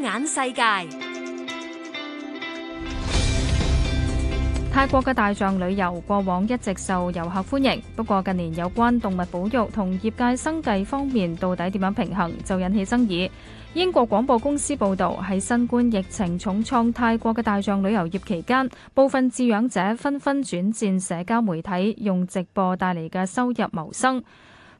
眼世界。泰國嘅大象旅遊過往一直受遊客歡迎，不過近年有關動物保育同業界生計方面到底點樣平衡，就引起爭議。英國廣播公司報道，喺新冠疫情重創泰國嘅大象旅遊業期間，部分飼養者紛紛轉，轉戰社交媒體，用直播帶嚟嘅收入謀生。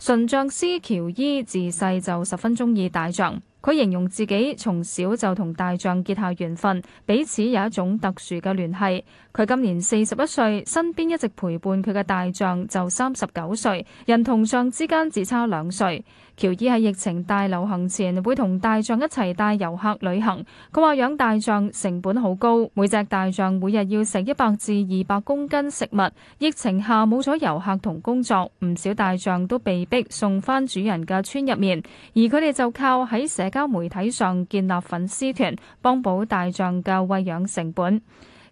馴象師喬伊自細就十分鍾意大象。佢形容自己，從小就同大象結下緣分，彼此有一種特殊嘅聯繫。佢今年四十一歲，身邊一直陪伴佢嘅大象就三十九歲，人同象之間只差兩歲。喬伊喺疫情大流行前，會同大象一齊帶遊客旅行。佢話養大象成本好高，每隻大象每日要食一百至二百公斤食物。疫情下冇咗遊客同工作，唔少大象都被逼送返主人嘅村入面。而佢哋就靠喺交媒體上建立粉絲團，幫補大象嘅餵養成本。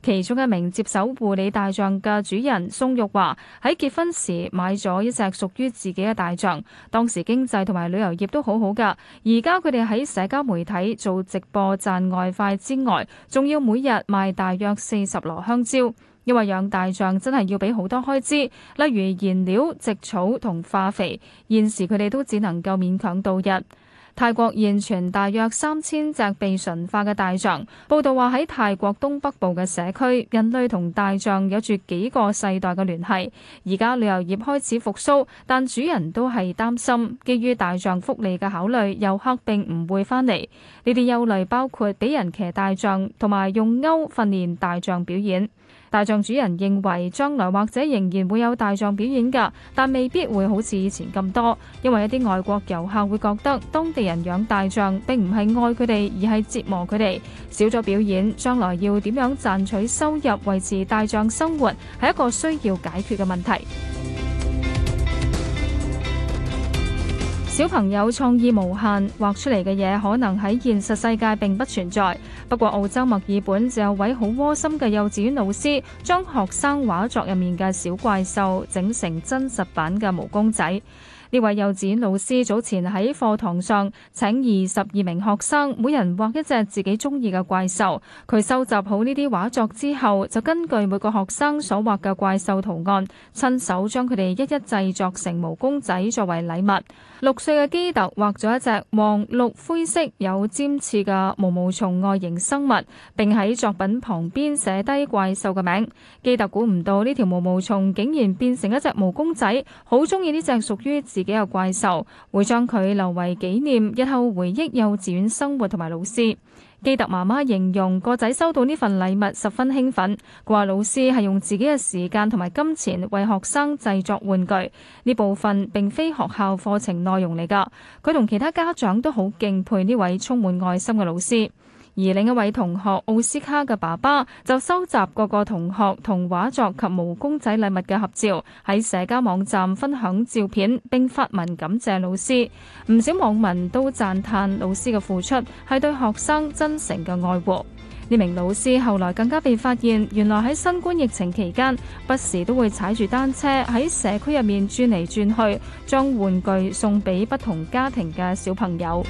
其中一名接手護理大象嘅主人宋玉華，喺結婚時買咗一隻屬於自己嘅大象，當時經濟同埋旅遊業都好好噶。而家佢哋喺社交媒體做直播賺外快之外，仲要每日賣大約四十籮香蕉。因為養大象真係要俾好多開支，例如燃料、植草同化肥。現時佢哋都只能夠勉強度日。泰國現存大約三千隻被馴化嘅大象。報道話喺泰國東北部嘅社區，人類同大象有住幾個世代嘅聯繫。而家旅遊業開始復甦，但主人都係擔心，基於大象福利嘅考慮，遊客並唔會返嚟。呢啲憂慮包括俾人騎大象同埋用鈎訓練大象表演。大象主人認為，將來或者仍然會有大象表演㗎，但未必會好似以前咁多，因為一啲外國遊客會覺得當地人養大象並唔係愛佢哋，而係折磨佢哋。少咗表演，將來要點樣賺取收入維持大象生活，係一個需要解決嘅問題。小朋友創意無限，畫出嚟嘅嘢可能喺現實世界並不存在。不過澳洲墨爾本就有位好窩心嘅幼稚園老師，將學生畫作入面嘅小怪獸整成真實版嘅毛公仔。呢位幼稚園老師早前喺課堂上請二十二名學生每人畫一隻自己中意嘅怪獸。佢收集好呢啲畫作之後，就根據每個學生所畫嘅怪獸圖案，親手將佢哋一一製作成毛公仔作為禮物。六歲嘅基特畫咗一隻黃綠灰色有尖刺嘅毛毛蟲外形生物，並喺作品旁邊寫低怪獸嘅名。基特估唔到呢條毛毛蟲竟然變成一隻毛公仔，好中意呢隻屬於自。自己有怪獸，會將佢留為紀念，日後回憶幼、幼稚園生活同埋老師。基特媽媽形容個仔收到呢份禮物十分興奮，佢話老師係用自己嘅時間同埋金錢為學生製作玩具，呢部分並非學校課程內容嚟㗎。佢同其他家長都好敬佩呢位充滿愛心嘅老師。而另一位同學奧斯卡嘅爸爸就收集各個同學同畫作及毛公仔禮物嘅合照，喺社交網站分享照片，並發文感謝老師。唔少網民都讚歎老師嘅付出係對學生真誠嘅愛護。呢名老師後來更加被發現，原來喺新冠疫情期間，不時都會踩住單車喺社區入面轉嚟轉去，將玩具送俾不同家庭嘅小朋友。